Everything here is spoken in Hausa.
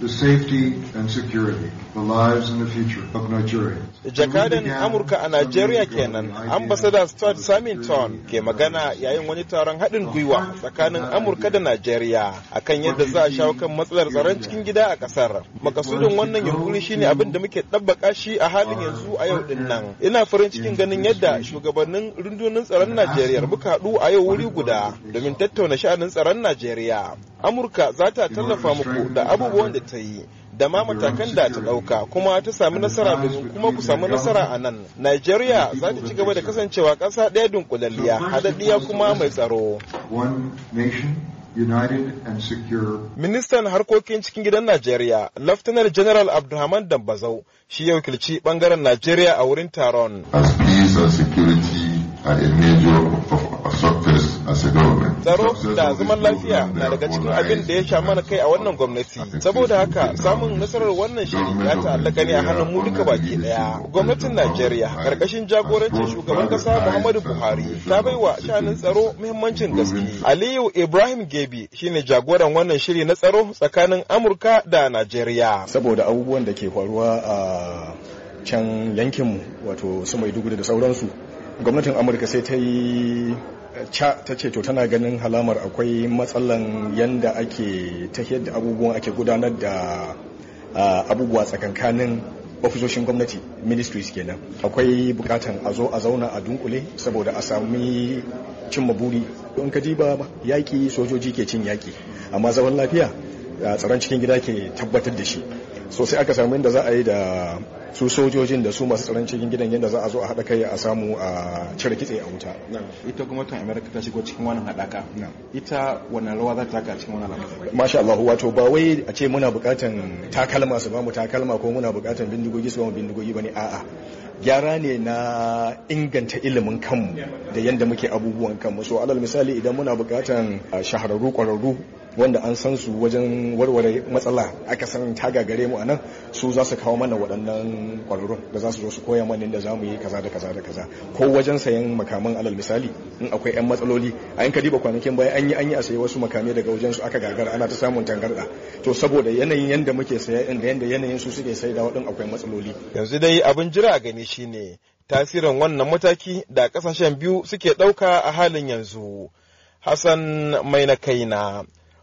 the safety and security, the lives and the future of Nigerians. Jakadan Amurka a Najeriya kenan, ambasada Stuart Samington ke magana yayin wani taron haɗin gwiwa tsakanin Amurka da Najeriya akan yadda za a shawo kan matsalar tsaron cikin gida a ƙasar. Makasudin wannan yunkuri shine abin da muke ɗabbaka shi a halin yanzu a yau din nan. Ina farin cikin ganin yadda shugabannin rundunar tsaron Najeriya muka haɗu a yau wuri guda domin tattauna sha'anin tsaron Najeriya. amurka za ta tallafa muku da abubuwan da ta yi da ma matakan da ta ɗauka kuma ta sami nasara domin kuma ku sami nasara a nan. Najeriya za ta ci gaba da kasancewa ƙasa ɗaya dunkulalliya, haɗaɗɗiya kuma mai tsaro. Ministan harkokin cikin gidan Najeriya, Laftanar General Abdulhaman Dambazau, shi ya wakilci ɓangaren Najeriya a wurin taron. As peace and security are a major of tsaro da zaman lafiya na daga cikin abin da ya sha mana kai a wannan gwamnati saboda haka samun nasarar wannan shiri ya ta'allaka ne a hannun mu duka baki daya gwamnatin najeriya karkashin jagorancin shugaban kasa muhammadu buhari ta bai wa shanun tsaro muhimmancin gaske aliyu ibrahim gebi shine jagoran wannan shiri na tsaro tsakanin amurka da najeriya saboda abubuwan da ke faruwa a can yankinmu wato su maiduguri da sauransu gwamnatin amurka sai ta yi ta ce to tana ganin halamar akwai matsalan yadda ake ta da abubuwan ake gudanar da abubuwa tsakankanin ofisoshin gwamnati ministries kenan akwai bukatan a zo a zauna a dunkule saboda a sami cimma buri in ka ba yaki sojoji ke cin yaki amma zaman lafiya tsaron cikin gida ke tabbatar da shi so sai aka samu inda za a yi da su sojojin da su masu tsaron cikin gidan yadda za a zo a haɗa kai a samu a cire kitse a wuta ita gwamnatin Amurka ta shigo cikin wannan haɗaka ita wannan rawa za ta taka cikin wannan al'amari masha allahu wato ba wai a ce muna buƙatan takalma su ba mu takalma ko muna buƙatan bindigogi su ba mu bindigogi ne a'a gyara ne na inganta ilimin kanmu da yadda muke abubuwan kanmu so alal misali idan muna buƙatan shahararru ƙwararru wanda an san su wajen warware matsala aka san ta gagare mu anan su za su kawo mana waɗannan ƙwararru da za su zo su koya mana da za mu yi kaza da kaza da kaza ko wajen sayan makaman alal misali in akwai 'yan matsaloli a yanka diba kwanakin baya an yi an yi a sayi wasu makamai daga wajen su aka gagara ana ta samun tangarɗa to saboda yanayin yanda muke saya inda yanda yanayin su suke da waɗin akwai matsaloli yanzu dai abin jira gani shine tasirin wannan mataki da kasashen biyu suke ɗauka a halin yanzu hassan mai na kaina